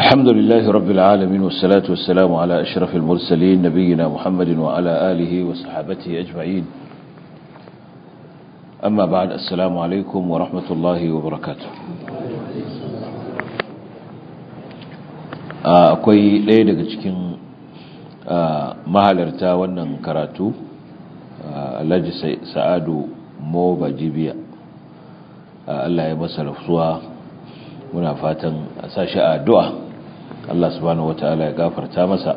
الحمد لله رب العالمين والصلاة والسلام على أشرف المرسلين نبينا محمد وعلى آله وصحابته أجمعين أما بعد السلام عليكم ورحمة الله وبركاته akwai ɗaya daga cikin mahalarta wannan karatu alhaji sa'adu moba jibiya Allah ya masa rasuwa muna fatan a sashi a addu'a Allah subhanahu wata'ala ya gafarta masa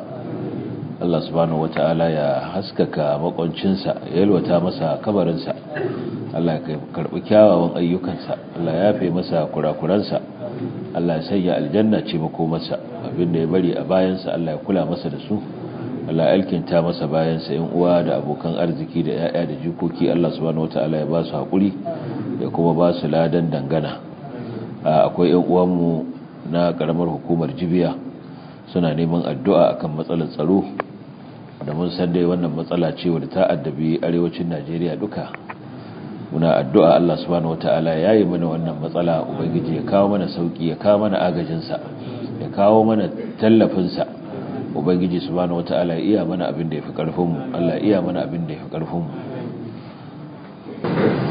Allah subhanahu wata'ala ya haskaka makoncinsa ya yalwata masa kabarinsa Allah ya karbi kyawawan ayyukansa Allah ya yafe masa kurakuransa Allah ya sanya aljanna ce mako masa. abinda ya bari a bayansa Allah ya kula masa da su Allah ya alkinta masa bayansa yan uwa da abokan arziki da yaya da jikoki Allah subhanahu wataala ya ba su hakuri ya kuma ba su ladan dangana akwai yan uwanmu na karamar hukumar jibiya suna neman addu'a akan matsalar tsaro da mun san dai wannan matsala ce wadda ta addabi arewacin Najeriya duka muna addu'a Allah subhanahu wataala ya yi mana wannan matsala ubangiji ya kawo mana sauki ya kawo mana agajinsa ya kawo mana tallafinsa ubangiji subhanahu wataala ya iya mana abin da ya fi ƙarfinmu Allah iya mana abin da ya fi ƙarfinmu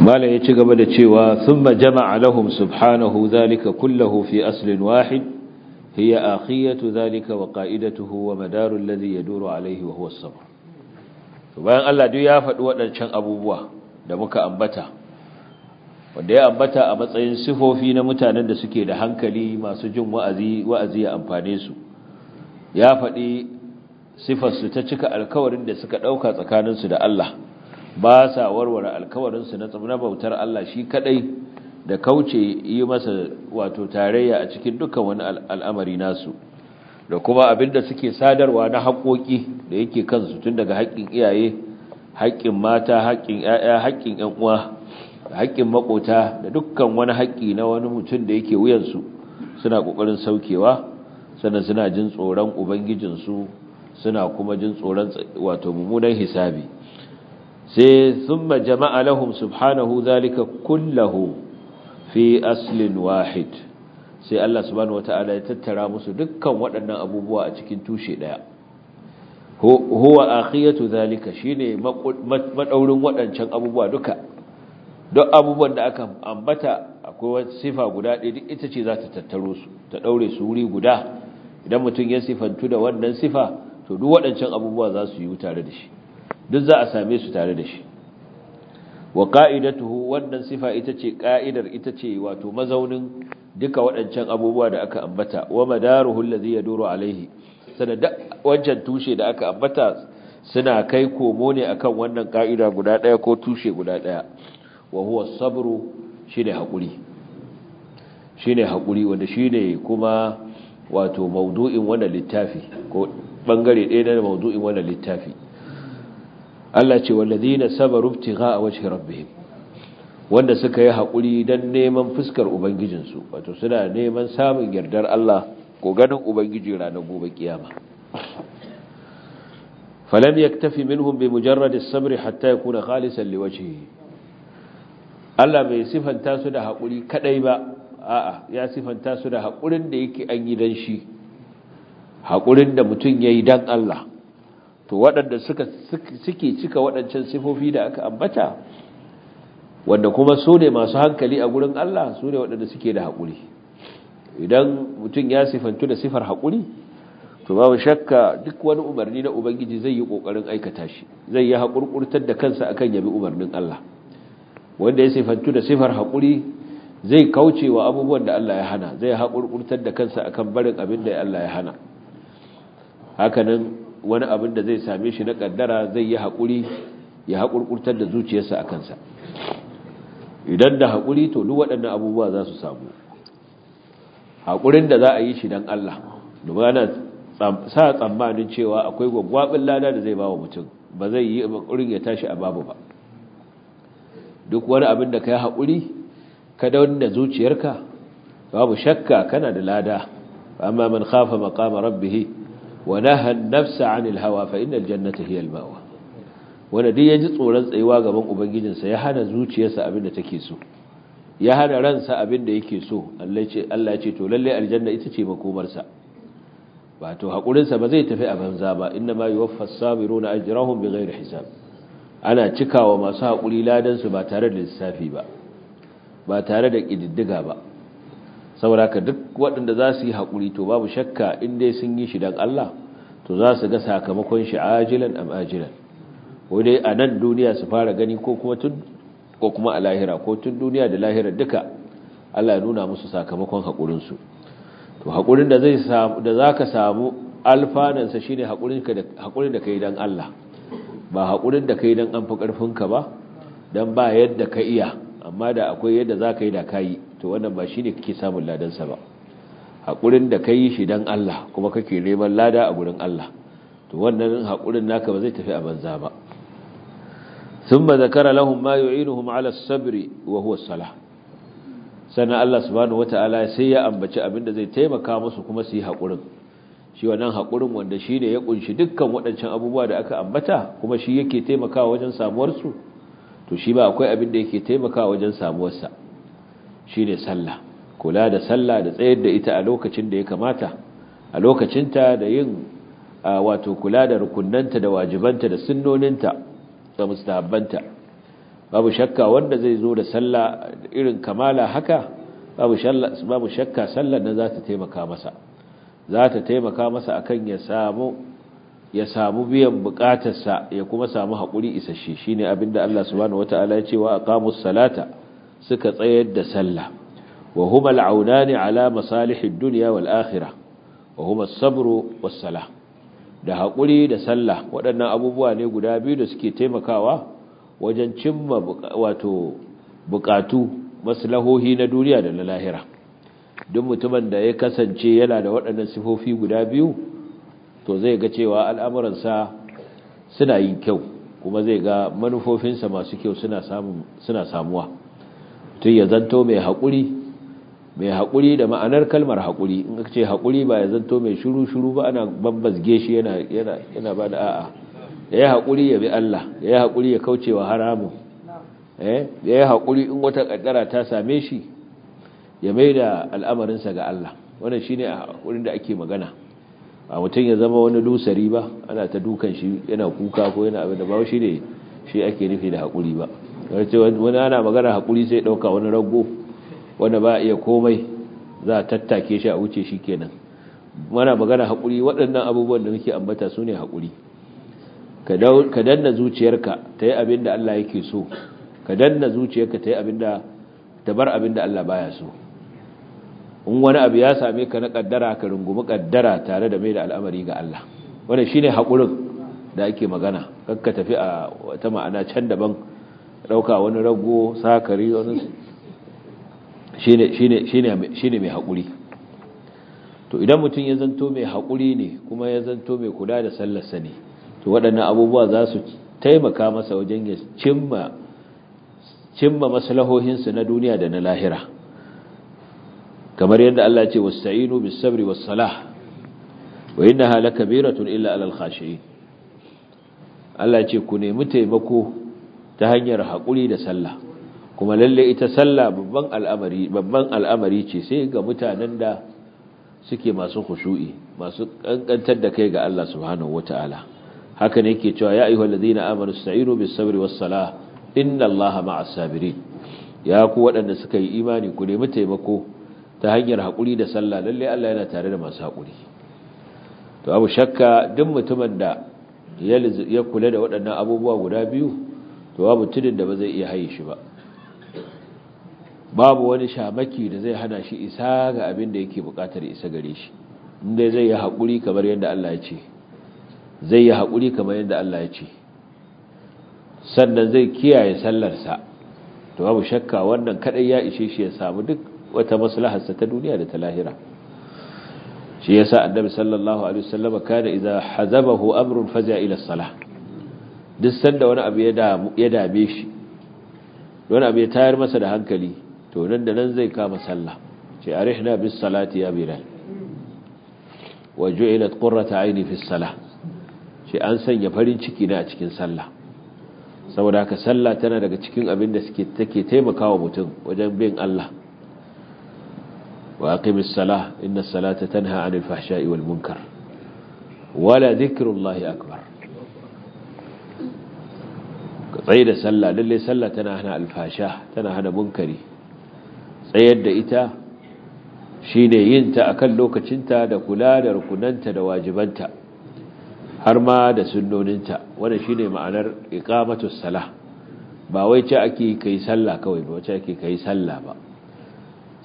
mala ya ci gaba da cewa "Sun jama'a lahum subhanahu zalika kullahu fi aslin wahid hiya akhiyatu zalika wa qa'idatuhu wa madaru alladhi yaduru alayhi wa huwa as-sabr to bayan Allah duk ya faɗi waɗancan abubuwa da muka ambata wanda ya ambata a matsayin sifofi na mutanen da suke da hankali masu jin wa'azi wa'azi ya amfane su ya faɗi sifar su ta cika alkawarin da suka ɗauka tsakaninsu da Allah ba sa warware alkawarinsu na bautar Allah shi kadai da kauce yi masa wato tarayya a cikin dukkan wani al'amari nasu da kuma abinda suke sadarwa na haƙoƙi da yake kansu tun daga haƙƙin iyaye haƙƙin mata haƙƙin ƴaƴa haƙƙin ƴan uwa haƙƙin makota da dukkan wani haƙƙi na wani mutum da yake wuyansu suna ƙoƙarin saukewa sannan suna jin tsoron ubangijinsu suna kuma jin tsoron wato mummunan hisabi sai thumma jama'a lahum subhanahu zalika kullahu fi aslin wahid sai Allah subhanahu wata'ala ya tattara musu dukkan waɗannan abubuwa a cikin tushe ɗaya huwa akhiyatu zalika shine madaurin waɗancan abubuwa duka don abubuwan da aka ambata akwai wata sifa guda ɗaya duk ita ce za ta tattaro su ta ɗaure su wuri guda idan mutum ya sifantu da wannan sifa to duk waɗancan abubuwa za su yi tare da shi duk za a same su tare da shi wa qa'idatuhu wannan sifa ita ce qa'idar ita ce wato mazaunin duka waɗancan abubuwa da aka ambata wa madaruhu allazi yaduru alaihi da wancan tushe da aka ambata suna kai komo ne akan wannan ka'ida guda ɗaya ko tushe guda ɗaya wa huwa sabru shine hakuri shine hakuri wanda shine kuma wato maudu'in wannan littafi ko bangare ɗaya na maudu'in wannan littafi Allah ce walladhina sabaru a wajhi rabbihim wanda suka yi hakuri dan neman fuskar ubangijinsu wato suna neman samun yardar Allah ko ganin ubangiji ranar gobe kiyama falam yaktafi minhum bi mujarrad as-sabr hatta yakuna khalisan liwajhihi Allah bai sifanta su da hakuri kadai ba a'a ya sifanta su da hakurin da yake an yi dan shi hakurin da mutun yayi dan Allah to waɗanda suka suke cika waɗancan sifofi da aka ambata wanda kuma su ne masu hankali a gurin Allah su ne waɗanda suke da haƙuri idan mutum ya sifantu da sifar haƙuri to babu shakka duk wani umarni na ubangiji zai yi ƙoƙarin aikata shi zai yi haƙurƙurtar da kansa akan yabi umarnin Allah wanda ya sifantu da sifar haƙuri zai kauce wa abubuwan da Allah ya hana zai haƙurƙurtar da kansa akan barin abin da Allah ya hana hakanan wani abin da zai same shi na kaddara zai yi haƙuri ya haƙurƙurtar da zuciyarsa a kansa idan da haƙuri to duk waɗannan abubuwa za su samu haƙurin da za a yi shi don Allah domin ana sa tsammanin cewa akwai gwaggwaɓin lada da zai ba wa mutum ba zai yi haƙurin ya tashi a babu ba duk wani abin da ka yi haƙuri ka da zuciyarka babu shakka kana da lada amma man khafa maqama rabbihi wa naha nafsa 'anil hawa fa innal jannata hiya al-ma'wa wanda ya ji tsoron tsayuwa ga gaban ubangijinsa ya hana zuciyarsa abinda da take so ya hana ransa abinda da yake so Allah ce to lallai aljanna ita ce makomarsa Bato haƙurinsa ba zai tafi a banza ba inna ma yuwaffa as-sabiruna ajrahum bighairi hisab ana cikawa masu haƙuri ladan su ba tare da lissafi ba ba tare da kididdiga ba saboda ka duk waɗanda za su yi haƙuri to babu shakka in sun yi shi dan Allah to za su ga sakamakon shi ajilan am ajilan wadai a nan duniya su fara gani ko kuma a lahira ko tun duniya da lahira duka Allah ya nuna musu sakamakon haƙurinsu to haƙurin da zai samu da zaka samu alfanansa shine haƙurin da ka yi don Allah ba haƙurin da ka yi dan an fi ƙarfinka ba don ba yadda ka iya amma da akwai yadda zaka yi da kayi. to wannan ba shine kake samun ladansa ba Haƙurin da kai shi dan Allah kuma kake neman lada a gurin Allah to wannan hakurin naka ba zai tafi a banza ba thumma zakara lahum ma yu'inuhum ala as-sabri wa huwa as-salah sannan Allah subhanahu wata'ala sai ya ambaci abin da zai taimaka musu kuma su yi hakurin shi wannan hakurin wanda shine ya kunshi dukkan waɗancan abubuwa da aka ambata kuma shi yake taimakawa wajen samuwarsu? su to shi ba akwai abin da yake taimakawa wajen samuwarsa. Shi ne sallah kula da sallah da tsayar da ita a lokacin da ya kamata a lokacinta da yin wato kula da rukunanta da wajibanta da sunnoninta da mustahabbanta babu shakka wanda zai zo da sallah irin kamala haka babu shakka sallah na za ta taimaka masa za ta taimaka masa akan ya samu ya samu biyan bukatarsa ya kuma samu haƙuri isasshe shine abinda Allah subhanahu wataala ya ce wa aqamus salata suka tsayar da sallah wa huma alama ala masalihid dunya wal akhirah wa huma as-sabru was salah da hakuri da sallah waɗannan abubuwa ne guda biyu da suke taimakawa wajen cimma wato bukatu maslahohi na duniya da na lahira duk mutumin da ya kasance yana da waɗannan sifofi guda biyu to zai ga cewa al'amuransa suna yin kyau kuma zai ga manufofinsa masu kyau suna samuwa mutum ya zanto mai haƙuri mai haƙuri da ma'anar kalmar haƙuri in ka ce haƙuri ba ya zanto mai shuru-shuru ba ana babbazge geshi yana ba da a'a ya yi haƙuri ya bi Allah ya yi haƙuri ya kauce wa haramu eh, ya haƙuri in wata ƙaddara ta same shi ya mai da al'amarinsa ga Allah wannan shi ne a haƙurin da ake magana a mutum ya zama wani dusari ba ana ta dukan shi yana kuka ko yana abin da ba shi ne shi ake nufi da haƙuri ba wace wani ana magana hakuri sai dauka wani rago wanda ba iya komai za a tattake shi a wuce shi kenan mana magana hakuri waɗannan abubuwan da muke ambata su ne hakuri ka danna zuciyarka ta yi abin da Allah yake so ka danna zuciyarka ta yi abin da ta bar abin da Allah baya so in wani abu ya same ka na kaddara ka rungumi kaddara tare da mai da al'amari ga Allah wannan shine hakurin da ake magana kakka tafi a wata ma'ana can daban dauka wani rago sakari wani shine shine shine mai hakuri to idan mutum ya zanto mai hakuri ne kuma ya zanto mai kula da sallarsa ne to waɗannan abubuwa za su taimaka masa wajen ya cimma cimma maslahohinsa na duniya da na lahira kamar yadda Allah ce wasta'inu bis sabri was salah wa innaha lakabiratun illa alal khashiyin Allah ce ku nemi taimako ta hanyar haƙuri da sallah kuma lalle ita sallah babban al'amari ce sai ga mutanen da suke masu khushu'i masu kankantar da kai ga Allah subhanahu wataala haka ne yake cewa ya ladina amanu sa'iru bis-sabri was-salah innallaha ma'as sabirin ya ku waɗanda suka yi imani ku nemi taimako ta hanyar haƙuri da sallah lalle Allah yana tare da masu haƙuri to abu shakka duk mutumin da ya kula da waɗannan abubuwa guda biyu to babu tudun da ba zai iya haye shi ba babu wani shamaki da zai hana shi isa ga abin da yake bukatar isa gare shi inda zai yi haƙuri kamar yadda Allah ya ce zai yi haƙuri kamar yadda Allah ya ce sannan zai kiyaye sallarsa to babu shakka wannan kadai ya ishe shi ya samu duk wata maslaharsa ta duniya da ta lahira shi yasa annabi sallallahu alaihi wasallam kana idza hazabahu amrun faza ila salah duk sanda wani abu ya dame shi wani abu ya tayar masa da hankali to nan da nan zai kama sallah ce arihna bis salati ya bilal wa ju'ilat qurratu aini fi salah ce an sanya farin ciki na a cikin sallah saboda haka sallah tana daga cikin abin da suke take taimakawa mutum wajen bin Allah wa aqimis salah inna salata tanha 'anil fahsha'i wal munkar wala dhikrullahi akbar ka tsaye da sallah lalle sallah tana hana alfasha tana hana munkari tsayar da ita shine yin ta akan lokacinta da kula da rukunanta da wajibanta har ma da sunnoninta wanda shine ma'anar iqamatus salah ba wai ce ake kai sallah kawai ba wace ake kai sallah ba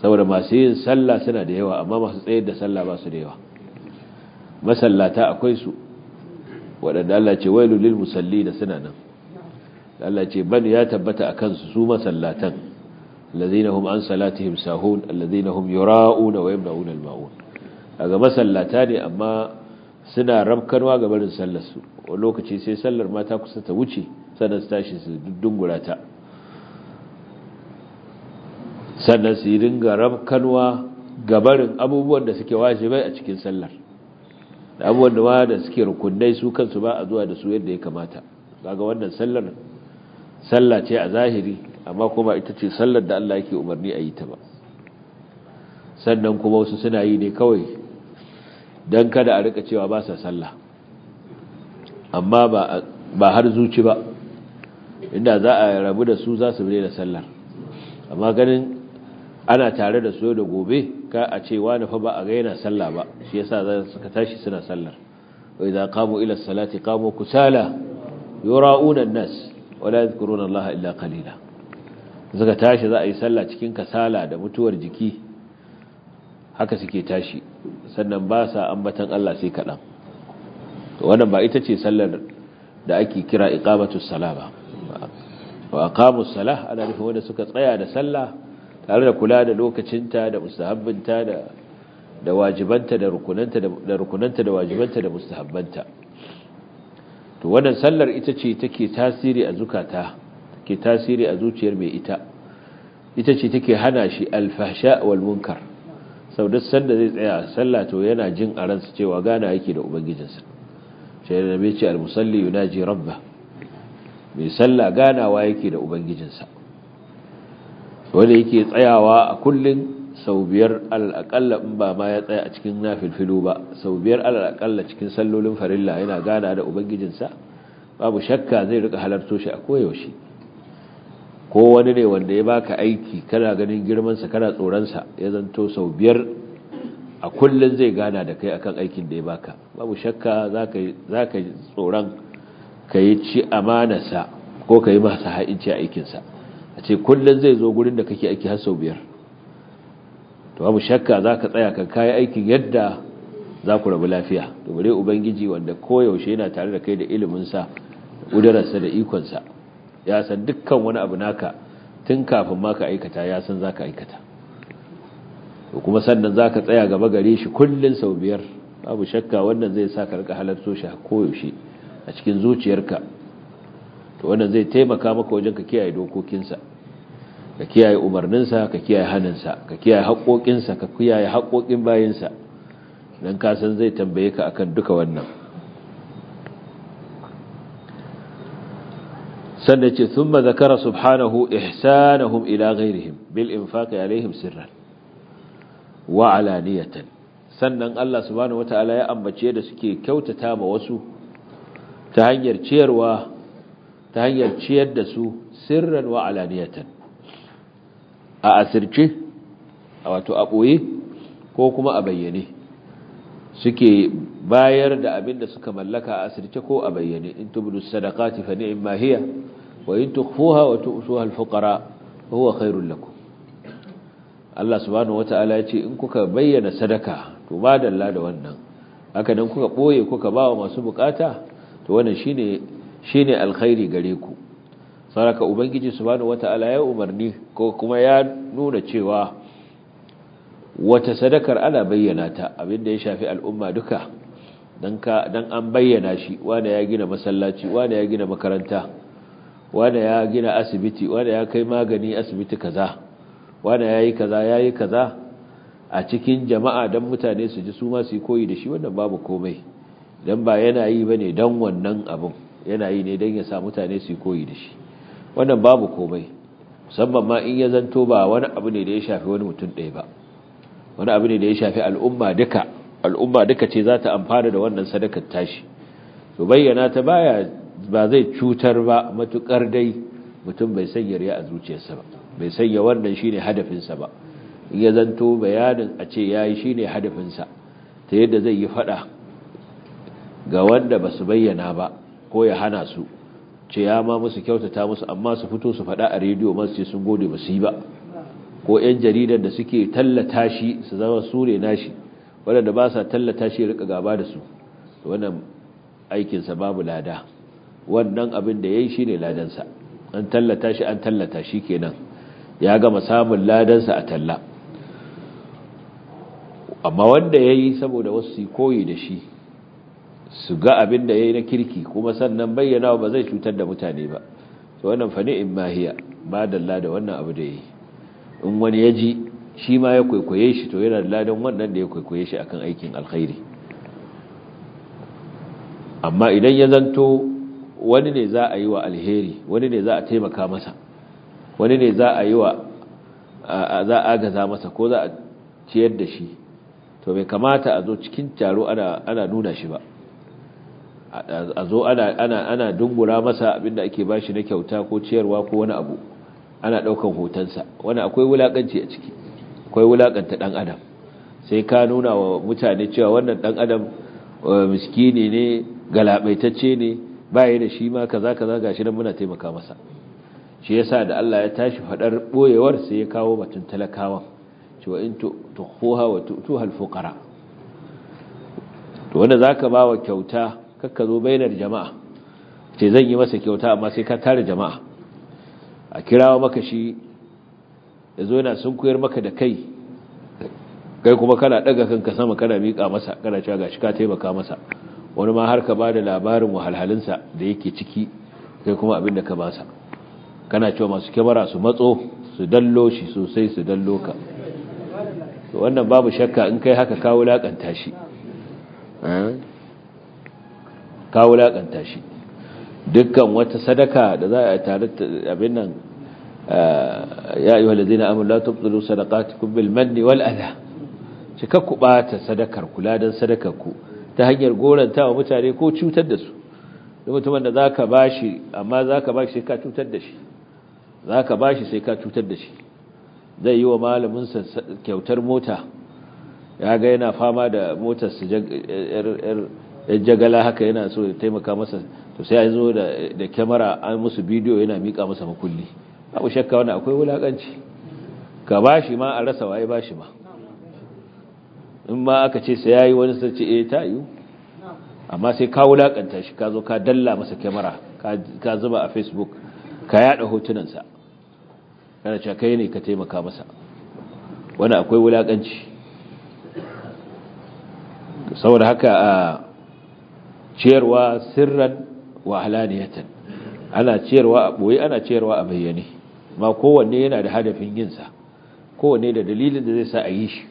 saboda masu yin sallah suna da yawa amma masu tsayar da sallah ba su da yawa masallata akwai su waɗanda Allah ce wailu lil musalli da suna nan Allah ce ban ya tabbata a kansu su masallatan allazina hum an salatihim sahun allazina hum yura'una wa yamna'una al-ma'un masallata ne amma suna rabkanwa ga barin sallar su lokaci sai sallar mata kusa ta wuce sannan su tashi su dungura ta sannan su yi dinga rabkanwa ga barin abubuwan da suke bai a cikin sallar da abubuwan da suke rukunai su kansu ba a zuwa da su yadda ya kamata kaga wannan sallar sallah ce a zahiri amma kuma ita ce sallar da Allah yake umarni a yi ta ba sannan kuma wasu suna yi ne kawai don kada a rika cewa ba sa sallah amma ba har zuci ba inda za a rabu da su za su bi da sallar amma ganin ana tare da su da gobe ka a ce wani fa ba a ga yana sallah ba shi yasa za ka tashi suna sallar wai za kamo ila salati kamo kusala yura'una nas wala yadhkuruna Allah illa qalila suka tashi za a yi sallah cikin kasala da mutuwar jiki haka suke tashi sannan ba sa ambatan Allah sai kaɗan to wannan ba ita ce sallar da ake kira iqamatus sala ba wa aqamus salah ana nufin wanda suka tsaya da sallah tare da kula da lokacinta da mustahabbinta da da wajibanta da rukunanta da rukunanta da wajibanta da mustahabbanta to wannan sallar ita ce take tasiri a zukata ke tasiri a zuciyar mai ita ita ce take hana shi alfasha wal munkar sau da sanda zai tsaya a sallah to yana jin a ransa cewa gana yake da ubangijinsa sai da nabi ce Musalli yunaji rabba mai sallah ganawa yake da ubangijinsa wanda yake tsayawa a kullun sau biyar al'aƙalla in ba ma ya tsaya a cikin na filfilo ba sau biyar al'aƙalla cikin sallolin farilla yana gana da ubangijinsa babu shakka zai rika halarto shi a koyaushe ko wani ne wanda ya baka aiki kana ganin girmansa kana tsoronsa ya zanto sau biyar a kullum zai gana da kai akan aikin da ya baka babu shakka za ka tsoron ka yi ci amanarsa ko ka yi masa ha'inci a aikinsa a ce kullum zai zo gurin da kake aiki har sau biyar to abu shakka za ka tsaya ka kayi aikin yadda za ku rabu lafiya to bare ubangiji wanda koyaushe yana tare da kai da iliminsa ƙudurarsa da ikonsa ya san dukkan wani abu naka tun kafin ma ka aikata ya san za ka aikata to kuma sannan za ka tsaya gaba gare shi kullum sau biyar babu shakka wannan zai sa ka rika halarto shi koyaushe a cikin zuciyarka to wannan zai taimaka maka wajen ka kiyaye dokokinsa ka kiyaye umarninsa ka kiyaye haninsa ka kiyaye haƙoƙinsa ka kiyaye haƙoƙin bayinsa don kasan zai tambaye ka akan duka wannan sannan ce sun ma zakara subhanahu ihsanahum ila ghairihim bil infaqi alaihim sirran wa alaniyatan sannan Allah subhanahu wataala ya ambace da suke kyautata ma wasu ta hanyar ciyarwa ta hanyar ciyar da su sirran wa alaniyatan a asirce a wato a ɓoye ko kuma a bayyane suke bayar da abin da suka mallaka a asirce ko a bayyane in tubdu sadaqati fa ni'ma hiya wa in tukhfuha wa tu'tuha al-fuqara huwa khairul lakum Allah subhanahu wata'ala ya ce in kuka bayyana sadaka to ba dalla da wannan haka nan kuka boye kuka bawa masu bukata to wannan shine shine alkhairi gare ku saraka ubangiji subhanahu wata'ala ya umarni ko kuma ya nuna cewa wata sadakar ana bayyana ta abinda ya shafi al'umma duka dan an bayyana shi wanda ya gina masallaci wanda ya gina makaranta wanda ya gina asibiti wanda ya kai magani asibiti kaza wanda yi kaza ya yi kaza a cikin jama'a dan mutane su ji su ma su koyi da shi wannan babu komai dan ba yana yi bane dan wannan abun yana yi ne dan ya sa mutane su koyi da shi wannan babu komai musamman ma in ya zanto ba wani abu ne da ya shafi wani mutum ɗaya ba wani abu ne da ya shafi al'umma duka al'umma duka ce za ta amfana da wannan sadakar tashi to bayyana ta baya ba zai cutar ba matukar dai mutum bai sanya riya a zuciyarsa ba bai sanya wannan shine hadafinsa ba in ya zanto bayanin a ce yayi shine hadafinsa ta yadda zai yi fada ga wanda basu bayyana ba ko ya hana su ce ya ma musu kyautata musu amma su fito su faɗa a rediyo masu ce sun gode ba su yi ba ko 'yan jaridar da suke tallata shi su zama su nashi waɗanda ba sa tallata shi rika gaba da su wannan aikinsa babu lada wannan abin da ya yi shi ne ladansa an tallata shi an tallata shi kenan ya gama samun ladansa a talla amma wanda ya yi saboda wasu koyi da shi su ga abin da ya yi na kirki kuma sannan bayyana ba zai cutar da mutane ba to wannan fani in mahiya ba dalla da wannan abu da yi in wani ya ji shi ma ya kwaikwaye shi to yana da ladan wannan da ya kwaikwaye shi akan aikin alkhairi amma idan ya zanto wani ne za a yi wa alheri wani ne za a taimaka masa wani ne za a yi wa za a gaza masa ko za a ciyar da shi to bai kamata a zo cikin taro ana nuna shi ba a zo ana masa dungura masa abinda ake bashi na kyauta ko ciyarwa ko wani abu ana daukan hotonsa wani akwai wulakanci a ciki akwai wulakanta ɗan adam sai ka nuna wa mutane cewa wannan ɗan adam eh, miskini ne galabaitacce ne baya da shi ma kaza kaza gashi nan muna taimaka masa shi yasa da Allah ya tashi faɗar boyewar sai ya kawo batun talakawa cewa in tukhuha wa tu'tuha to wanda zaka ba wa kyauta kakka zo bainar jama'a ce zan yi masa kyauta amma sai ka tare jama'a a kirawo maka shi ya zo yana sun koyar maka da kai kai kuma kana daga kanka sama kana miƙa masa kana cewa gashi ka taimaka masa wani ma har ka ba da labarin wahalhalinsa da yake ciki kai kuma abin da ka ba sa kana cewa masu kyamara su matso su dallo shi sosai su dallo ka wannan babu shakka in kai haka kawo lakanta shi eh? ka wulakanta shi dukkan wata sadaka da za a tare abin nan eh, ya na allazina amanu la tubtilu sadaqatikum bil manni wal'ada. cika ku bata sadakar kula dan sadakar ku ta hanyar wa mutane ko cutar da su da mutumin da ba bashi amma zaka sai ka cutar da shi ba bashi sai ka cutar da shi zai yi wa malamin kyautar mota ya ga yana fama da motar jagala haka yana so ya taimaka masa to sai ya zo da kyamara an musu bidiyo yana miƙa masa makulli abu shakka wani akwai wulaƙanci ka ba shi ma a rasa waye ba shi ma in ma aka ce sai ya yi wani sace eh ta yi amma sai ka wulaƙanta shi ka zo ka dalla masa kyamara ka zuba a facebook ka yaɗa hotunansa kana cewa kai ne ka taimaka masa wani akwai wulaƙanci saboda haka a ah, ciyarwa sirran wa halaniyatan ana ciyarwa a boye ana ciyarwa a bayyane ma kowanne yana da hadafin yin sa kowanne da dalilin da zai sa a yi shi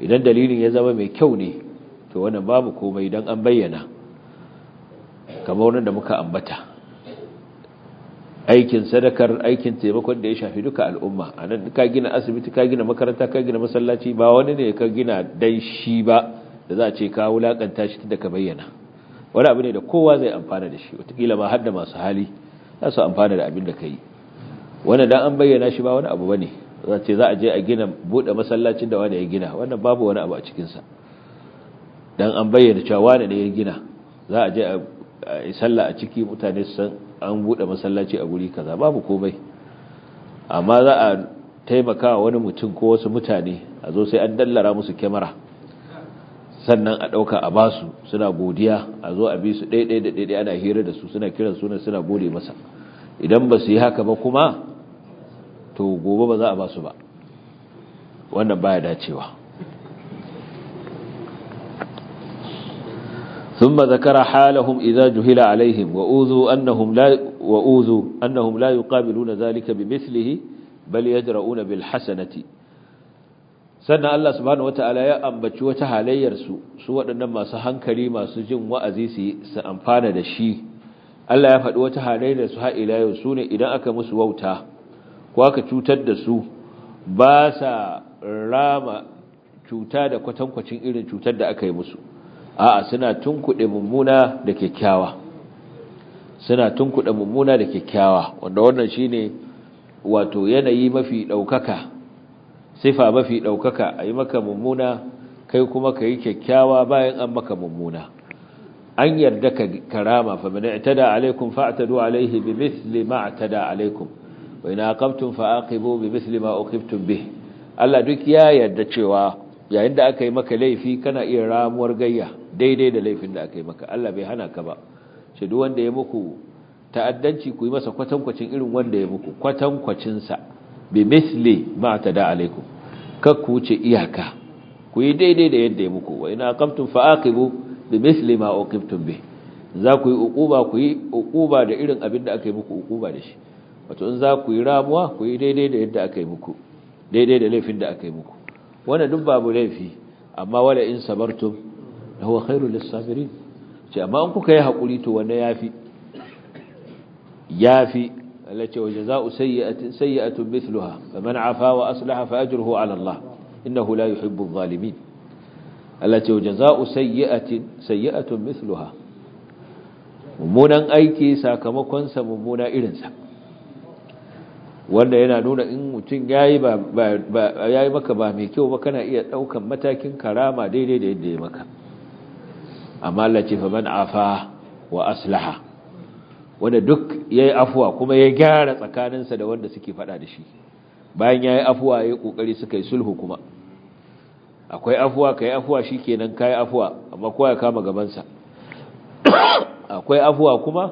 idan dalilin ya zama mai kyau ne to wannan babu komai dan an bayyana kamar wannan da muka ambata aikin sadakar aikin taimakon da ya shafi duka al'umma a nan ka gina asibiti ka gina makaranta ka gina masallaci ba wani ne ka gina dan shi ba da za a ce ka wulakanta shi da ka bayyana wani abu ne da kowa zai amfana da shi watakila ma hada masu hali za su amfana da abin da ka yi wani dan an bayyana shi ba wani abu ne za ce za a je a gina buɗe masallacin da wani ya gina wannan babu wani abu a cikinsa don an bayyana cewa wani ne ya gina za a je a sallah a ciki mutane san an buɗe masallaci a guri kaza babu komai amma za a taimaka wani mutum ko wasu mutane a zo sai an dallara musu kyamara sannan a ɗauka a basu suna godiya a zo a bi su ɗaiɗai da ɗaiɗai ana hira da su suna kiran suna suna gode masa idan ba su yi haka ba kuma to gobe ba za a basu ba wannan baya dacewa ثم ذكر حالهم إذا جهل عليهم وأوذوا أنهم لا, وأوذوا أنهم لا يقابلون ذلك بمثله بل يجرؤون بالحسنة sannan Allah subhanahu wataala ya ambaci wata halayyar su su waɗannan masu hankali masu jin wa'azi su su amfana da shi Allah ya faɗi wata halayyar su har ila yau sune idan aka musu wauta ko aka cutar da su ba sa rama cuta da kwatankwacin irin cutar da aka yi musu a'a suna tunkuɗe mummuna da kyakkyawa suna tunkuɗe mummuna da kyakkyawa wanda wannan shine wato yanayi mafi ɗaukaka sifa mafi ɗaukaka a yi maka mummuna kai kuma ka yi kyakkyawa bayan an maka mummuna an yarda ka karama fa mana da alaikum fa'tadu alaihi bi misli ma da alaikum wa ina aqabtum fa aqibu bi misli ma uqibtum Allah duk ya yarda cewa yayin da aka yi maka laifi kana iya ramuwar gayya daidai da laifin da aka yi maka Allah bai hana ka ba shi duk wanda ya muku ta'addanci ku yi masa kwatankwacin irin wanda ya muku kwatankwacinsa bi misli ma ta da alaikum kar ku wuce iyaka ku yi daidai da yadda ya muku wa ina kamtun fa aqibu misli ma uqibtum bi za ku yi uquba ku yi uquba da irin abin da aka yi muku uquba da shi wato in za ku yi ramuwa ku yi daidai da yadda aka yi muku daidai da laifin da aka yi muku wannan duk babu laifi amma wala in sabartum huwa khairu ce amma in kuka yi hakuri to wanda Ya fi. التي وجزاء سيئة سيئة مثلها فمن عفا وأصلح فأجره على الله إنه لا يحب الظالمين التي وجزاء سيئة سيئة مثلها mummunan aiki sakamakonsa mummuna irinsa wanda yana nuna in mutum yayi maka ba mai kyau ba kana iya ɗaukan matakin karama daidai da yadda ya maka amma Allah fa man afa wa aslaha wanda duk ya yi afuwa kuma ya gyara tsakaninsa da wanda suke fada da shi bayan ya yi afuwa ya yi kokari suka yi sulhu kuma akwai afuwa ka yi afuwa shi kenan ka yi afuwa amma kowa ya kama gabansa akwai afuwa kuma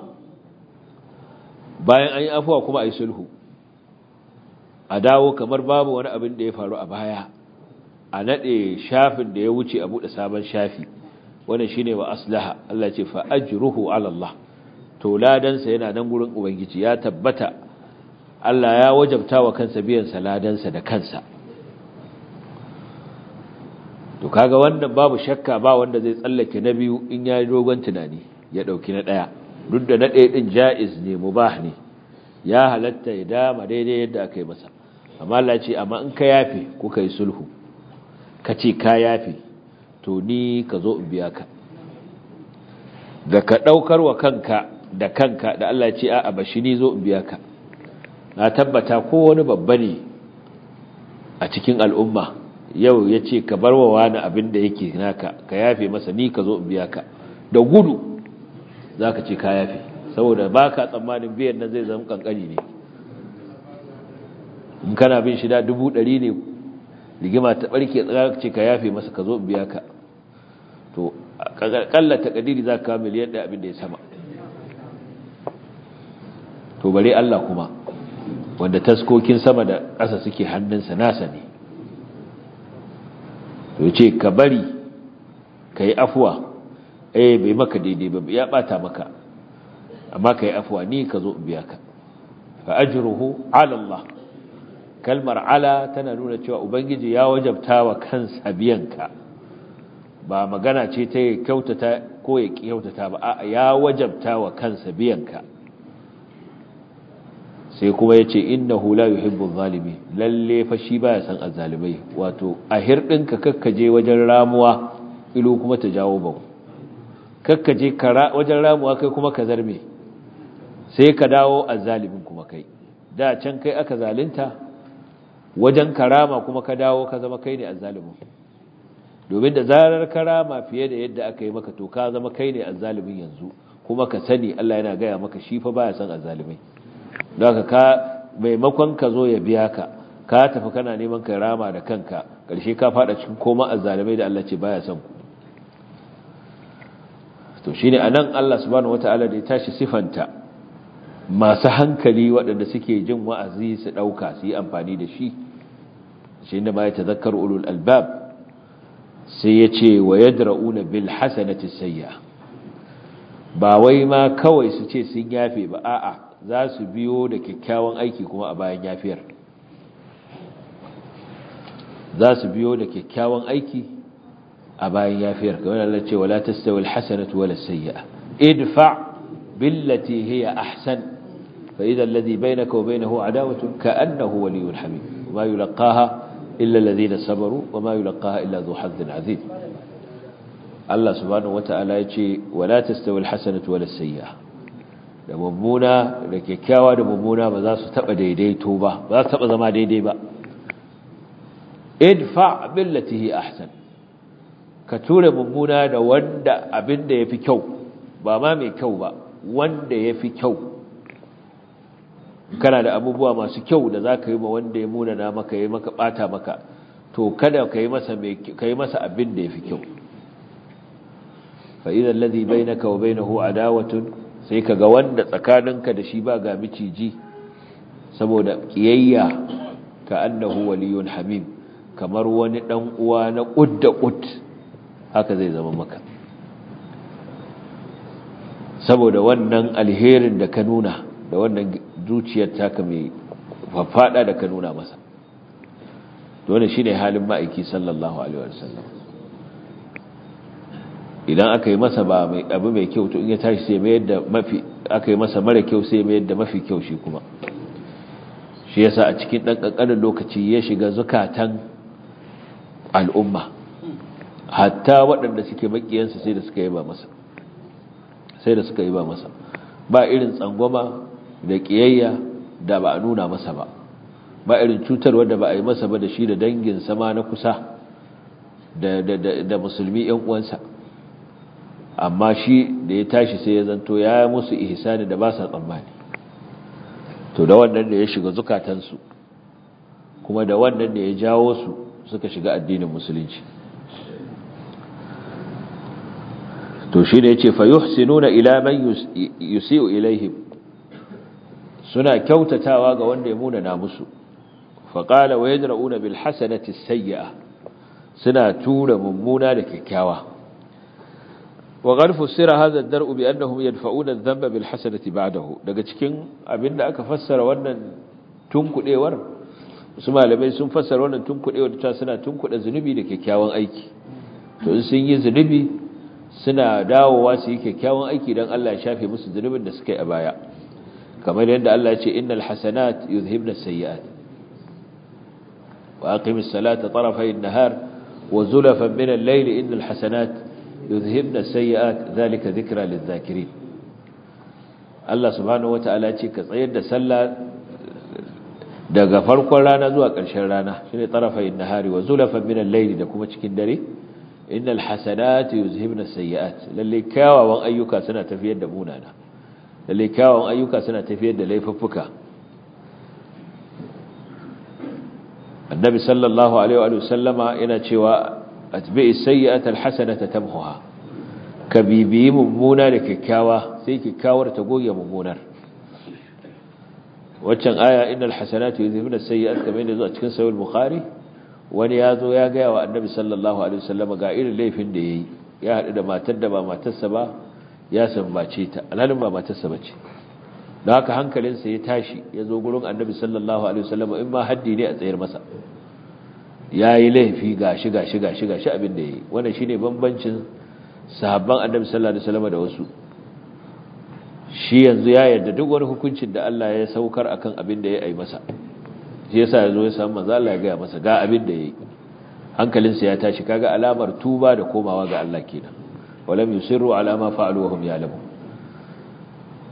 bayan an yi afuwa kuma a yi sulhu a dawo kamar babu wani abin da ya faru a baya a naɗe shafin da ya wuce a buɗe sabon shafi wannan shine wa aslaha Allah ce fa ajruhu ala Allah to ladansa yana nan gurin ubangiji ya tabbata Allah ya wajabta wa kansa biyan sa ladansa da kansa to kaga wannan babu shakka ba wanda zai tsallake na biyu in ya dogon tunani ya dauki na daya duk da na daya din jaiz ne mubah ne ya halatta ya dama daidai yadda aka yi masa amma Allah ce amma in ka yafe kuka yi sulhu ka ce ka yafe to ni ka zo in biya ka da ka daukar wa kanka da kanka da Allah ya ce a'a ni zo in biya ka na tabbata ko wani babba ne a cikin al'umma yau ya ce ka bar wa wani abin da yake naka ka yafe masa ni ka zo in biya ka da gudu za ka ce ka yafe saboda ba ka tsammanin biyan nan zai zama kankani ne in kana bin shida dubu ɗari ne rigima ta ɓarke ka ce ka yafe masa ka zo in biya ka to ƙalla takadiri za ka miliyan ɗaya abin da ya sama to bare Allah kuma wanda taskokin sama da ƙasa suke hannunsa nasa ne to ce ka bari ka yi afuwa eh bai maka daidai ba ya ɓata maka amma ka yi afuwa ni ka zo in biya ka fa ajruhu ala Allah kalmar ala tana nuna cewa ubangiji ya wajabta wa kansa biyanka ba magana ce ta kyautata ko ya kyautata ba ya wajabta wa kansa biyanka sai kuma ya ce inna hula yi hibbun zalibi lalle fa shi ya san azalimai wato a hirɗinka kakkaje wajen ramuwa ilu kuma ta jawo bau kakkaje wajen ramuwa kai kuma ka zarme sai ka dawo azalimin kuma kai da can kai aka zalinta wajen karama kuma ka dawo ka zama kai ne azalimin domin da zarar karama fiye da yadda aka yi maka to ka zama kai ne azzalimin yanzu kuma ka sani Allah yana gaya maka shi fa baya san azzalimai don ka maimakon ka zo ya biya ka ka tafi kana neman ka rama da kanka ƙarshe ka fada cikin koma a zalimai da Allah ce baya son ku to shine anan Allah subhanahu wataala da ya tashi sifanta masu hankali waɗanda suke jin wa'azi su ɗauka su yi amfani da shi shi ne ma ya tazakkar ulul albab sai ya ce wa yadra'una bil hasanati sayya ba wai ma kawai su ce sun yafe ba a'a za su biyo da kyakkyawan aiki kuma a bayan yafiyar za su biyo da kyakkyawan aiki a bayan yafiyar kamar da Allah ce wala tastawil hasanatu wala sayyi'a idfa billati hiya ahsan fa idha alladhi bainaka wa bainahu adawatun ka'annahu waliyyun hamim wa yulqaha illa alladhina sabaru wa ma yulqaha illa dhu hazzin azim Allah subhanahu wata'ala ya ce wala tastawil hasanatu wala sayyi'a da mummuna da kyakkyawa da mummuna ba za su taba daidaito ba ba za su taba zama daidai ba idfa billatihi hi ahsan ka tura mummuna da wanda abin da yafi kyau ba ma mai kyau ba wanda yafi kyau kana da abubuwa masu kyau da zaka yi ma wanda ya munana maka yayi maka bata maka to kada ka yi kai masa abin da yafi kyau fa idza alladhi bainaka wa bainahu adawatun sai ka ga wanda tsakaninka da shi ba ga miciji saboda kiyayya ka annahu waliyun hamim kamar wani dan uwa na kudda kud haka zai zama maka saboda wannan alherin da ka nuna da wannan zuciyar taka mai faffada da ka nuna masa to wannan shine halin ma'aiki sallallahu alaihi wasallam idan aka yi masa ba mai abu mai kyau to in ya tashi sai mai yadda mafi aka yi masa mara kyau sai mai yadda mafi kyau shi kuma shi yasa a cikin ɗan kankanin lokaci ya shiga zukatan al'umma hatta waɗanda suke makiyansa sai da suka yi ba masa ba irin tsangwama da kiyayya da ba a nuna masa ba ba irin cutarwa da ba a yi masa ba da shi da dangin sama na kusa da musulmi 'yan uwansa amma shi da ya tashi sai ya zanto ya yi musu ihsani da ba sa tsammani to da wannan da ya shiga zukatansu kuma da wannan da ya jawo su suka shiga addinin musulunci to shi ne ce fa yuhsinuna ila man yusi'u ilaihim suna kyautatawa ga wanda ya munana musu faƙala wa yadra'una bil hasanati sayyi'a suna tura mummuna da kyakkyawa wa qad fassara hadha ad-dar'u bi annahum yadfa'una adh-dhanba bil hasanati ba'dahu daga cikin abinda aka fassara wannan tunkudewar su malamai sun fassara wannan tunkudewar ta suna tunkuda zunubi da kyakkyawan aiki to in sun yi zunubi suna dawowa su yi kyakkyawan aiki don Allah ya shafe musu zunubin da suka yi a baya kamar yadda Allah ce innal hasanat yuzhibna sayyi'at wa aqimis salata tarafay an-nahar wa zulafan min al-layli innal hasanat yuzhibna sayyi'at zalika dhikra lidh-dhakirin Allah subhanahu wata'ala ce ka tsayar da sallah daga farkon rana zuwa ƙarshen rana shine tarafa in-nahari wa zulafan min al-layli da kuma cikin dare innal hasanatu yuzhibna sayi'at. lalle kyawawan ayyuka suna tafiyar da munana lalle kyawawan ayyuka suna tafiyar da laifuffuka annabi sallallahu alaihi wa sallama yana cewa atbi'i sayyi'ata alhasanata tamhuha ka bibiyi mummuna da kyakkyawa sai kyakkyawar ta goge mummunar waccan aya innal hasanatu yuzhibuna sayyi'at kamar yadda zo a cikin sahih bukhari wani yazo ya gaya wa annabi sallallahu alaihi wasallam ga irin laifin da yayi ya haɗu da matar da ba matarsa ba ya sambace ta alhalin ba matarsa bace don haka hankalinsa ya tashi ya zo gurin annabi sallallahu alaihi wasallam in ma haddi ne a tsayar masa ya yi laifi ga ga shi ga shi abin da ya yi wannan shine bambancin sahabban annabi sallallahu alaihi wasallam da wasu shi yanzu ya yarda duk wani hukuncin da Allah ya saukar akan abin da ya yi masa shi yasa yazo ya samu manzo Allah ya ga masa ga abin da ya yi hankalinsa ya tashi kaga alamar tuba da komawa ga Allah kenan walam yusirru ala ma fa'alu wa hum ya'lamu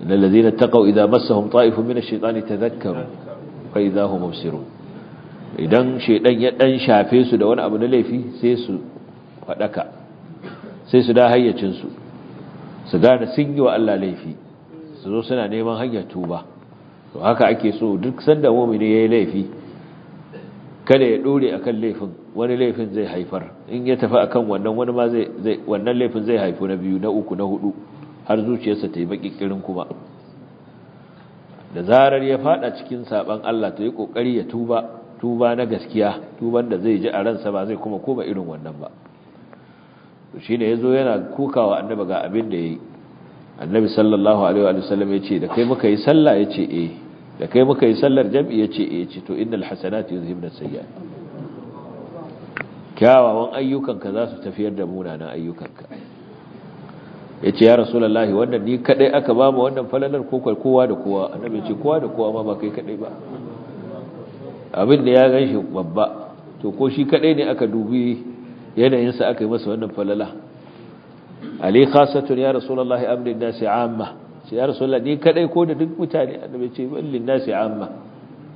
innal ladhina taqaw idza massahum ta'ifun min ash-shaytani tadhakkaru fa idza hum mubsirun idan shaidan ya dan shafe su da wani abu na laifi sai su fadaka sai su da hayyacin su su gane sun yi wa Allah laifi su zo suna neman hanyar tuba to haka ake so duk sanda mu'mini yayi laifi kada ya dore akan laifin wani laifin zai haifar in ya tafi akan wannan wani ma zai wannan laifin zai haifu na biyu na uku na hudu har zuciyarsa ta yi baki kuma da zarar ya fada cikin saban Allah to yi kokari ya tuba tuba na gaskiya tuban da zai ji a ransa ba zai kuma koma irin wannan ba shi ne ya zo yana kukawa annaba ga abin da ya yi annabi sallallahu alaihi wa sallam ya ce da kai muka yi sallah ya ce eh da kai muka yi sallar jam'i ya ce eh ce to innal hasanati yuzhibna sayyi'at kyawawan ayyukanka za su tafiyar da munanan ayyukanka ya ce ya rasulallahi wannan ni kadai aka ba mu wannan falalar kokar kowa da kowa annabi ce kowa da kowa ma ba kai kadai ba abin da ya gan shi babba to ko shi kadai ne aka dubi yanayinsa aka yi masa wannan falala ali khasatun ya rasulullahi amrin nasi amma shi ya rasulullahi ni kadai ko da duk mutane annabi ce ballin nasi amma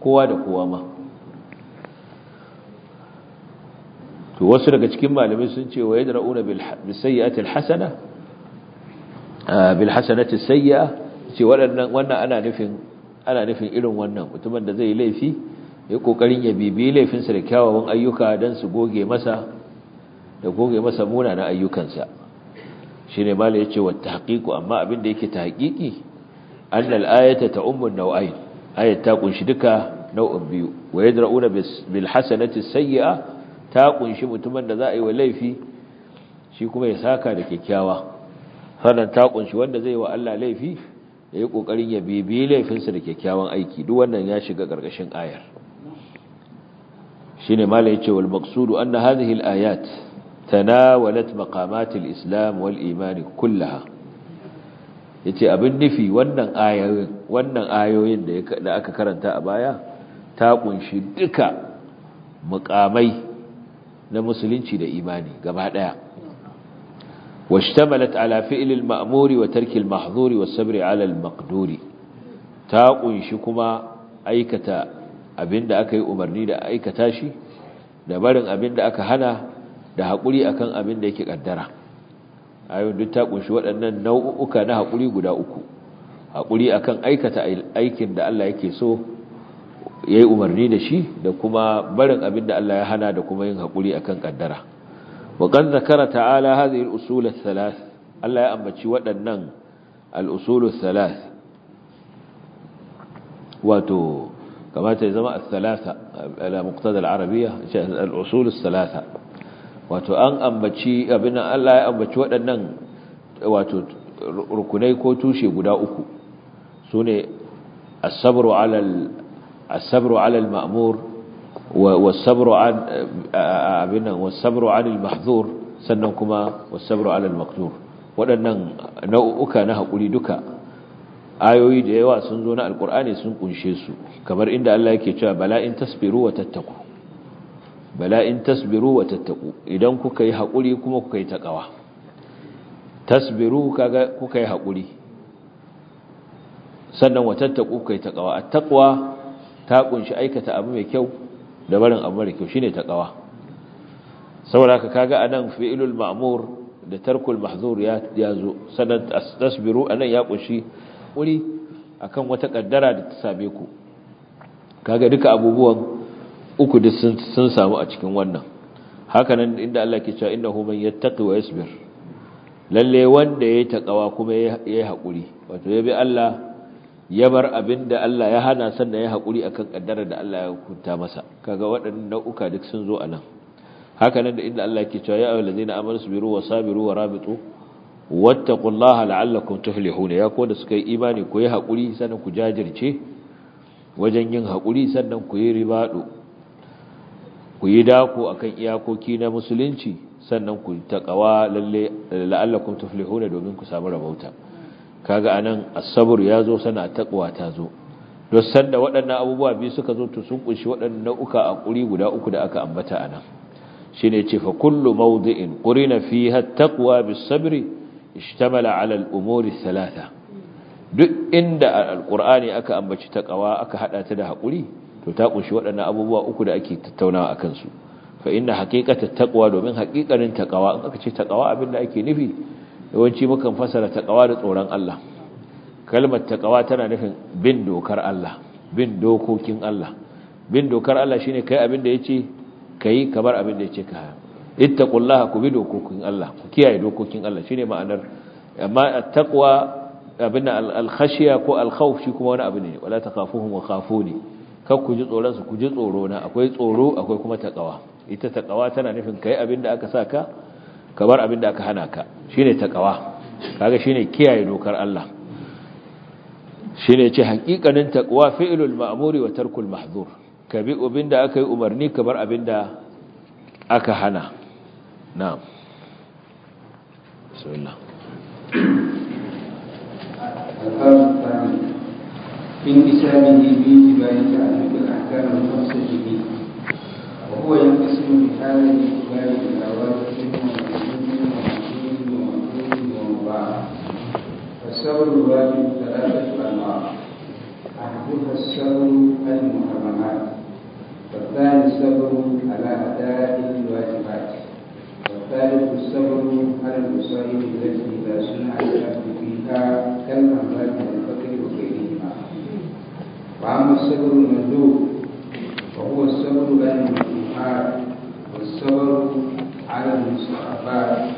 kowa da kowa ma to wasu daga cikin malamai sun ce wa yadra'una bil sayyati al hasana bil hasanati sayya ce wannan ana nufin ana nufin irin wannan mutumin da zai laifi ya kokarin ya bibi laifinsa da kyawawan ayyuka don su goge masa da goge masa na ayyukansa shine mala ce wa hakiku? amma abin da yake haƙiƙi an ayata ta umar nawain ayat ta ƙunshi duka nau'in biyu wa yadra'una bil hasanati sayi'a ta ƙunshi mutumin da za a yi wa laifi shi kuma ya saka da kyakkyawa sannan ta ƙunshi wanda zai wa Allah laifi ya yi ƙoƙarin ya bibi laifinsa da kyakkyawan aiki duk wannan ya shiga ƙarƙashin ayar shine mala yace wal maqsudu anna hadhihi al ayat tanawalat maqamat al islam wal imani kullaha yace abin nufi wannan ayoyin da aka karanta a baya ta kunshi duka muqamai na musulunci da imani gaba daya واشتملت على فعل المأمور وترك المحظور والصبر على المقدور ta kunshi kuma aikata abinda aka yi umarni da aikata shi da barin abinda aka hana da haƙuri akan abinda yake kaddara Ayon duk ta kunshi waɗannan nau'uka na haƙuri guda uku haƙuri akan aikata aikin da Allah yake so ya yi umarni da shi da kuma barin abinda da Allah ya hana da kuma yin haƙuri akan kan ƙaddara waƙan zakara ta'ala hazin usulun salas Allah ya ambaci waɗannan al'usulun salas wato kamata ya zama al-thalatha ala muqtada al-arabiyya al-usul al wato an ambaci abin Allah ya ambaci waɗannan wato rukunai ko tushe guda uku sune as-sabru ala as-sabru ala al-ma'mur was abin sannan kuma was waɗannan nau'uka na hakuri duka ayoyi da yawa sun zo na alkur'ani sun kunshe su kamar inda Allah yake cewa bala in tasbiru wa tattaku bala in tasbiru wa tattaku idan kuka yi haƙuri kuma kuka yi taƙawa tasbiru kaga kuka yi haƙuri sannan wa tattaku kuka yi taƙawa a taƙwa ta kunshi aikata abu mai kyau da barin abu mara kyau shine taƙawa saboda ka kaga anan fi'ilul ma'mur da tarkul mahzur ya ya zo sannan tasbiru anan ya kunshi haƙuri akan wata ƙaddara da ta same ku kaga duka abubuwan uku da sun samu a cikin wannan Haka nan inda Allah ke cewa innahu man yattaqi wa yasbir lalle wanda yayi takawa kuma yayi haƙuri wato ya bi Allah ya bar abinda Allah ya hana sannan ya haƙuri akan ƙaddarar da Allah ya hukunta masa kaga waɗannan nau'uka duk sun zo a nan. Haka nan da inda Allah ke cewa ya ayyuhallazina amanu sabiru wa sabiru wa rabitu wattaqullaha la'allakum tuflihun ya ko da suka yi imani ku yi hakuri sannan ku jajirce wajen yin hakuri sannan ku yi ribado ku yi dako akan iyakoki na musulunci sannan ku taqawa lalle la'allakum tuflihun domin ku samu rabauta kaga anan as-sabr yazo sana taqwa tazo don sanda waɗannan abubuwa biyu suka zo to sun kunshi waɗannan nau'uka a ƙuri guda uku da aka ambata anan shine ce fa kullu mawdi'in qurina fiha taqwa bis-sabri ishtamala على الأمور الثلاثة duk inda al aka ambaci ta taqwa aka hada ta da hakuri to ta kunshi waɗannan abubuwa uku da ake tattaunawa akan su fa inna haqiqata taqwa domin ta taqwa in aka ce abin abinda ake nufi yawanci mukan ta taqwa da tsoron Allah kalmar taqwa tana nufin bin dokar Allah bin dokokin Allah bin dokar Allah shine kai abinda yace kai kamar abinda yace ka ittaqullaha ku bi dokokin Allah ku kiyaye dokokin Allah shine ma'anar amma at-taqwa abin al-khashiya ko al-khawf shi kuma wani abu ne wala takhafuhum wa khafuni kar ku ji tsoron su ku ji tsoro na akwai tsoro akwai kuma taqwa ita taqwa tana nufin kai abin da aka saka kamar abin da aka hana ka shine taqwa kaga shine kiyaye dokar Allah shine ce hakikanin taqwa fi'lul ma'muri wa tarkul mahdhur kabi abin da aka yi umarni kamar abin da aka hana نعم بسم الله الباب الثاني في انتسابه باعتبار تعلق الاحكام الخمسه به وهو ينقسم بهذا الاعتبار الى واجب ومسلم ومسلم ومقبول ومباح فالسبب الواجب ثلاثه انواع احدها السبب المحرمات والثاني السبب على اداء الواجبات ثالث الصبر على المصائب التي إذا صنع الأخذ فيها كالأمراض والفقر وغيرهما وأما الصبر المندوب فهو الصبر بين المفتوحات والصبر على المصعبات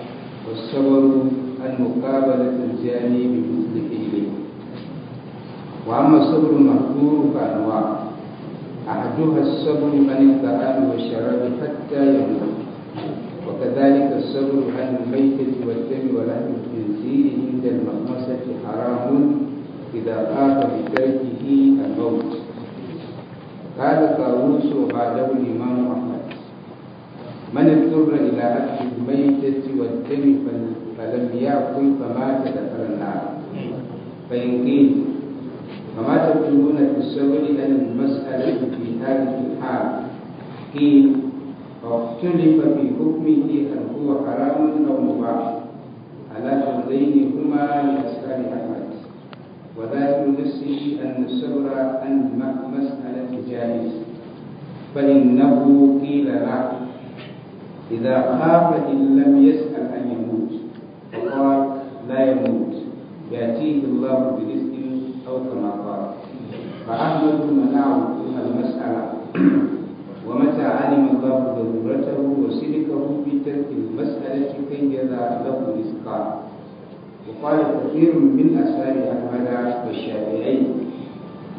والصبر المقابلة الجاني بمثل فعله وأما الصبر المحظور فأنواع أحدها الصبر عن الطعام والشراب حتى يموت وكذلك الصبر عن الميتة والدم ولحم الخنزير عند المخمسة حرام إذا قام بتركه الموت قال طاووس وقاله الإمام أحمد من اضطر إلى أكل الميتة والدم فلم يأكل فمات دخل النار فإن قيل فما تقولون في الصبر أن المسألة في هذه الحال قيل فاختلف في حكمه هل هو حرام أو مباح على شرطين هما لأسفل أحمد وذات نفسه أن السبر عن مسألة جائز فإنه قيل لا إذا خاف إن لم يسأل أن يموت فقال لا يموت يأتيه الله برزق أو كما قال فأحمد منعه المسألة ضرورته وسلكه في ترك المسألة كي يدع له رزقا وقال كثير من أسفار أحمد والشافعي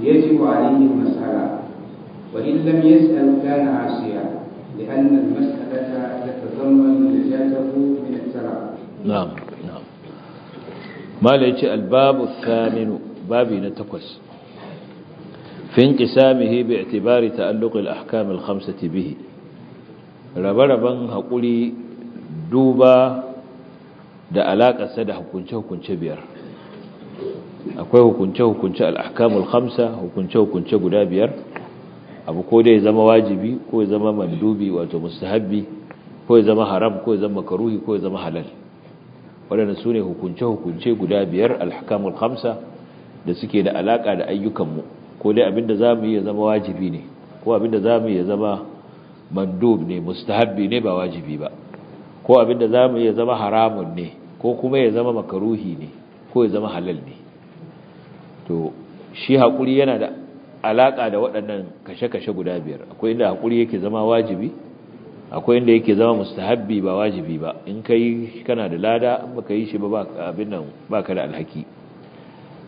يجب عليه المسألة وإن لم يسأل كان عاصيا لأن المسألة تتضمن نجاته من السلام نعم نعم ما ليش الباب الثامن بابي نتقص في انقسامه باعتبار تألق الأحكام الخمسة به rabe-raben haƙuri duba da alaƙarsa da hukunce-hukunce biyar akwai hukunce-hukunce al'akamul hamsa hukunce-hukunce guda biyar abu ko dai zama wajibi ko ya zama mandubi wato mustahabbi ko ya zama haram ko ya zama karuhi ko ya zama halal waɗanda su ne hukunce-hukunce guda biyar al'akamul hamsa da suke da alaƙa da ayyukanmu ko dai abinda za mu yi ya zama wajibi ne ko abinda za mu yi ya zama mandub ne mustahabbi ne ba wajibi ba ko abinda zamu iya zama haramun ne ko kuma ya zama makaruhi ne ko ya zama halal ne to shi hakuri yana da alaka da waɗannan kashe-kashe guda biyar akwai inda hakuri yake zama wajibi akwai inda yake zama mustahabbi ba wajibi ba in kai kana da lada in baka yi shi ba abin nan baka da alhaki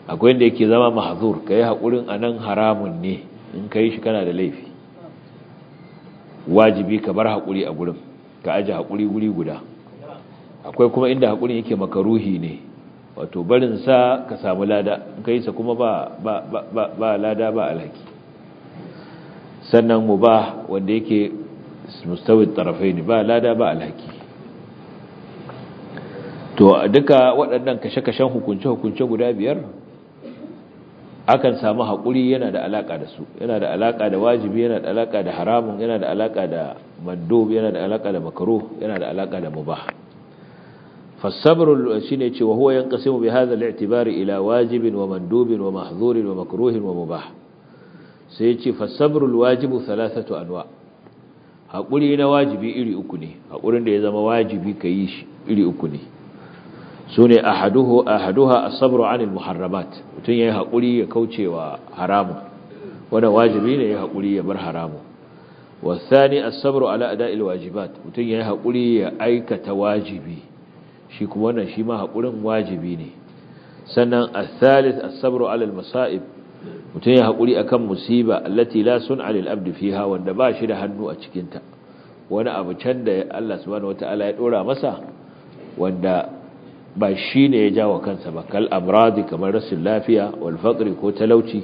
akwai inda yake zama mahzur kai hakurin anan haramun ne in kai shi kana da laifi wajibi ka bar haƙuri a gurin ka aji haƙuri guri guda akwai kuma inda haƙurin yake makaruhi ne wato barin sa ka samu lada ka yi sa kuma ba, ba, ba, lada ba alhaki sannan mu ba wanda yake mustawin tarafai ne ba lada ba alhaki to duka waɗannan kashe-kashen hukunce-hukunce guda biyar akan samu haƙuri yana da alaƙa da su yana da alaƙa da wajibi yana da alaƙa da haramun yana da alaƙa da mandub yana da alaƙa da makaro yana da alaƙa da mubah shi shine cewa huwa yanqasimu bi hadha al itibari ila wajibin wa mandubin wa mahdhurin wa makruhin wa mubah sai yace fasabr al-wajibu thalathatu anwa haƙuri na wajibi iri uku ne haƙurin da ya zama wajibi ka yi shi iri uku ne su ne ahaduhu ahaduha a sabru 'anil muharramat ya yi haƙuri ya kaucewa haramu wanda wajibi ne ya haƙuri ya bar haramu wasani as-sabru 'ala ada'il wajibat ya yi haƙuri ya aikata wajibi shi kuma wannan shi ma haƙurin wajibi ne sannan as-salis as-sabru 'ala al-masa'ib mutun haƙuri hakuri akan musiba allati la sun lil abdi fiha wanda ba shi da hannu a cikin ta wani abu can da Allah subhanahu wataala ya ɗora masa wanda ba shi ne ya wa kansa ba kal amradi kamar rashin lafiya wal ko talauci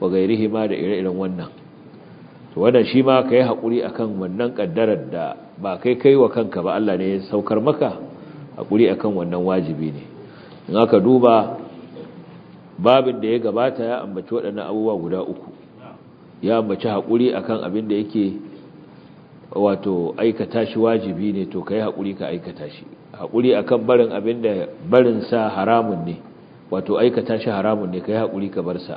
wa gairihi ma da ire-iren wannan to wannan shi ma kai hakuri akan wannan kaddarar da ba kai kai wa kanka ba Allah ne ya saukar maka hakuri akan wannan wajibi ne in aka duba babin da ya gabata ya ambaci waɗannan abubuwa guda uku ya ambaci hakuri akan abin da yake wato aikata shi wajibi ne to kai hakuri ka aikata shi haƙuri akan barin abin da barin sa haramun ne wato aikata shi haramun ne kai haƙuri ka bar sa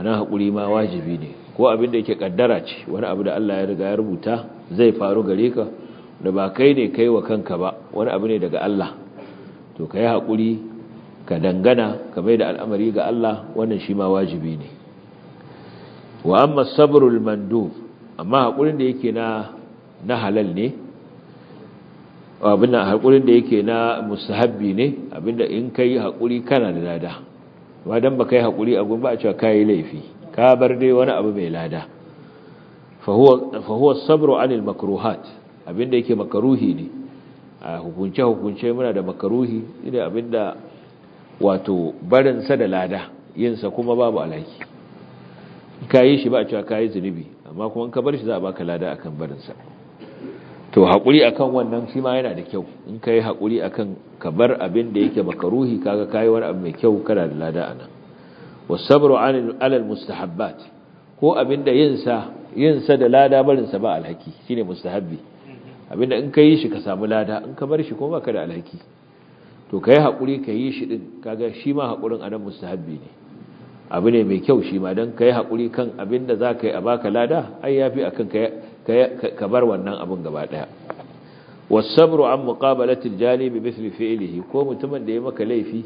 nan haƙuri ma wajibi ne ko abin da yake ƙaddara ce wani abu da Allah ya riga ya rubuta zai faru gare ka da ba kai ne kai wa kanka ba wani abu ne daga Allah to ka yi haƙuri ka dangana ka mai da al'amari ga Allah wannan shi ma wajibi ne wa amma sabrul mandub amma haƙurin da yake na na halal ne abinda nan haƙurin da yake na musahabbi ne abinda in ka yi haƙuri kana da lada ba don ba ka yi haƙuri a gun ba a cewa ka yi laifi ka bar dai wani abu mai lada fahuwa sabro anil makaruhat abinda yake makaruhi ne a hukunce-hukunce muna da makaruhi idan abinda wato barinsa da lada yinsa kuma babu alaki ka yi shi ba a cewa ka yi zunubi amma kuma in ka bar shi za a baka lada akan barinsa to haƙuri akan wannan shi ma yana da kyau in ka yi haƙuri akan ka bar abin da yake makaruhi kaga kayi wani abu mai kyau kada da lada anan wasabru alal mustahabbat ko abin da yinsa yinsa da lada barin ba alhaki shine mustahabbi abinda in ka yi shi ka samu lada in ka bar shi kuma ka da alhaki to kai haƙuri ka yi shi ɗin kaga shi ma haƙurin anan mustahabbi ne abu ne mai kyau shi ma dan kai haƙuri kan abin da ka yi a baka lada ai kan akan kai ka bar wannan abin gaba daya wasabru an muqabalati aljani bi mithli fi'lihi ko mutumin da ya maka laifi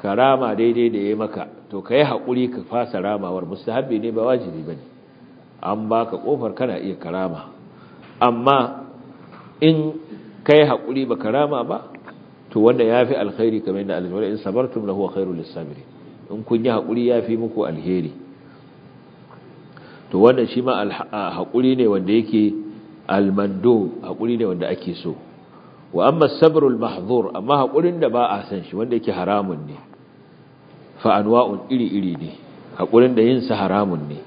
karama daidai da ya maka to kai hakuri ka fasa ramawar mustahabbi ne ba wajibi bane an baka kofar kana iya karama amma in kai hakuri ba karama ba to wanda yafi alkhairi kamar yadda aljawi in sabartum lahu khairul sabiri in kun yi hakuri yafi muku alheri to wannan shi ma haƙuri ne wanda yake almando haƙuri ne wanda ake so wa amma sabrul mahzur amma haƙurin da ba a san shi wanda yake haramun ne fa anwa'un iri-iri ne haƙurin da yin haramun ne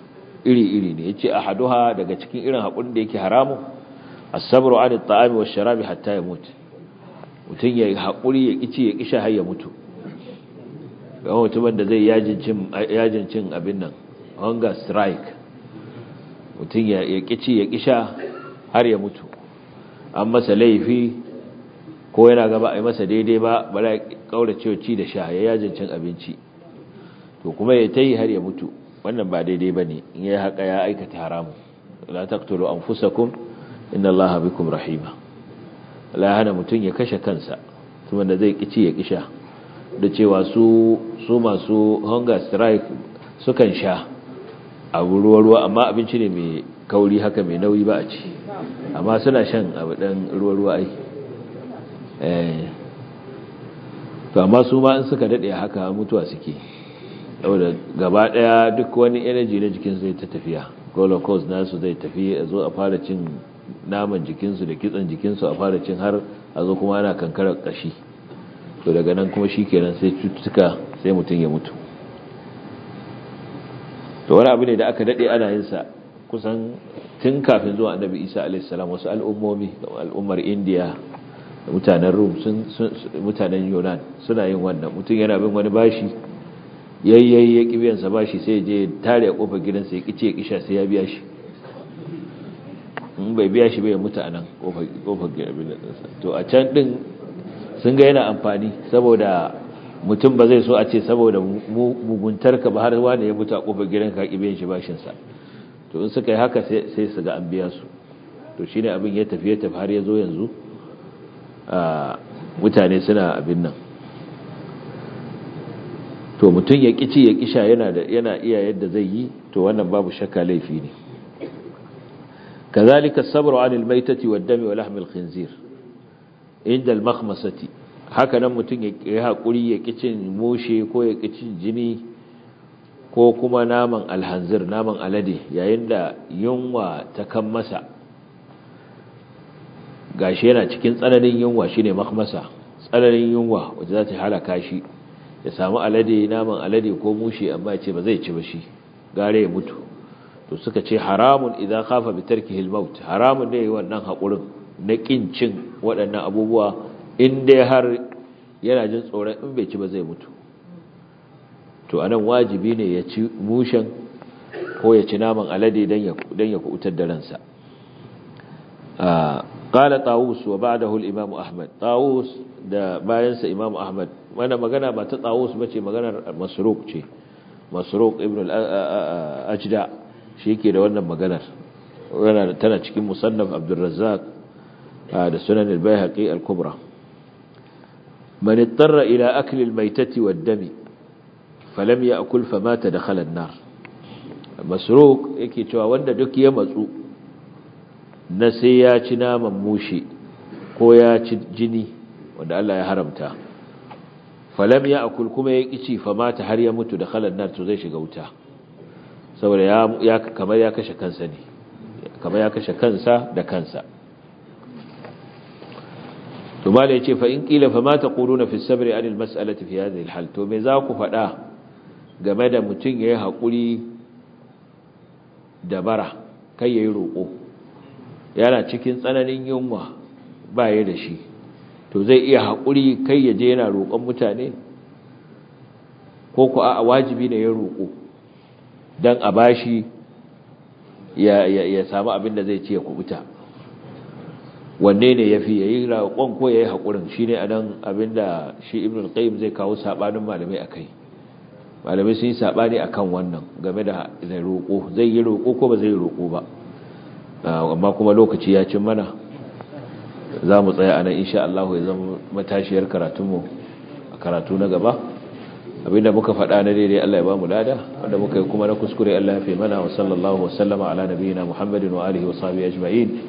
iri-iri ne yace ahaduha daga cikin irin haƙurin da yake haramu as-sabru 'ala at-ta'ami wash-sharabi hatta yamut mutun yayi haƙuri ya kici ya kisha har ya mutu ga mutumin da zai yajin cin yajin cin abin nan hunger strike mutum ya ƙici ya ƙisha har ya mutu an masa laifi ko yana gaba a yi masa daidai ba bala ya ƙaura ci da sha ya yajin cin abinci to kuma ya ta yi har ya mutu wannan ba daidai ba ne in ya haƙa ya aikata haramu la taqtulu anfusakum inna allaha bikum rahima la hana mutum ya kashe kansa kuma da zai ƙici ya ƙisha da cewa su masu hunger strike sukan sha abu ruwa-ruwa amma abinci ne mai kauri haka mai nauyi ba a ci amma suna shan abu ɗan ruwa-ruwa ai eh. to amma su ma in suka daɗe haka mutuwa suke saboda gaba ɗaya duk wani energy na jikinsu zai ta tafiya glucose nasu zai tafi a zo a fara cin naman jikinsu da kitsan jikinsu a fara cin har a zo kuma ana kankarar ƙashi to daga nan kuma shi kenan sai cututtuka sai mutum ya mutu to wani abu ne da aka dade ana yin sa kusan tun kafin zuwa annabi isa alaihi salam wasu al'ummomi al'ummar indiya da mutanen rum sun mutanen yunan suna yin wannan mutum yana bin wani bashi yayyayi ya kibiyansa bashi sai ya je tare a kofar gidansa ya kice ya kisha sai ya biya shi in bai biya shi bai mutu a nan kofar gidansa to a can din sun ga yana amfani saboda mutum ba zai so a ce saboda muguntarka ba har wani ya mutu a kofar gidan ka ibe shi sa to in suka yi haka sai su ga an biya su to shi ne abin ya tafi ya har ya zo yanzu mutane suna abin nan to mutum ya ƙici ya ƙisha yana iya yadda zai yi to wannan babu shakka laifi ne kazalika sabru anil maitati wad dami wa lahmil khinzir inda al makhmasati haka nan mutum ya haƙuri ya ƙi cin moshe ko ya ƙi cin jini ko kuma naman alhanzir naman alade yayin da yunwa ta kan masa gashi yana cikin tsananin yunwa shine makamasa tsananin yunwa wajen za ta halaka shi ya samu alade naman alade ko mushe amma ya ce ba zai ci ba shi gare ya mutu to suka ce haramun idan khafa bi hilmaut maut haramun ne wannan haƙurin na ƙin cin waɗannan abubuwa in dai har yana jin tsoron in bai ci ba zai mutu to anan wajibi ne ya ci mushen ko ya ci naman alade don ya kuutar da ransa قال طاووس hul الإمام أحمد طاووس da bayansa Imam Ahmad mana magana ba ta Tawus ce maganar Masruq ce Masruq ibn al-Ajda ke da wannan maganar tana cikin musannaf Abdul ah, da Sunan al-Baihaqi al man ittara ila mai almaytati waddami falam ya'kul famata dakhala an-nar masruq yake cewa wanda duk ya matsu na sai ya ci naman mushi ko ya ci jini wanda Allah ya haramta falam ya'kul kuma ya kici famata har ya mutu da an-nar to zai shiga wuta saboda kamar ya kashe kansa da kansa to ya ya fa in ƙila fa ma taquluna fi sabri anil mas'alati fi hadhihi al to me za ku faɗa game da mutum ya yi hakuri da bara kai ya yi roƙo? yana cikin tsananin yunwa ba ya da shi to zai iya haƙuri kai ya je yana roƙon mutane ko ku a wajibi ne ya roƙo don a bashi ya ya samu abin da zai ci ya kubuta wanne ne ya fi yayi yi raƙon ko ya yi haƙurin shi ne a nan abinda shi ibn qayyim zai kawo saɓanin malamai a kai malamai sun yi saɓani a kan wannan game da zai roƙo zai yi roƙo ko ba zai roƙo ba ah, amma kuma lokaci ya cin mana za mu tsaya a nan insha Allah ya zama matashiyar karatunmu a karatu na gaba abinda muka faɗa na daidai Allah ya ba mu lada wanda muka yi kuma na kuskure Allah ya fi mana wa sallallahu wa sallama ala nabiyyina Muhammadin wa alihi wa sahbihi ajma'in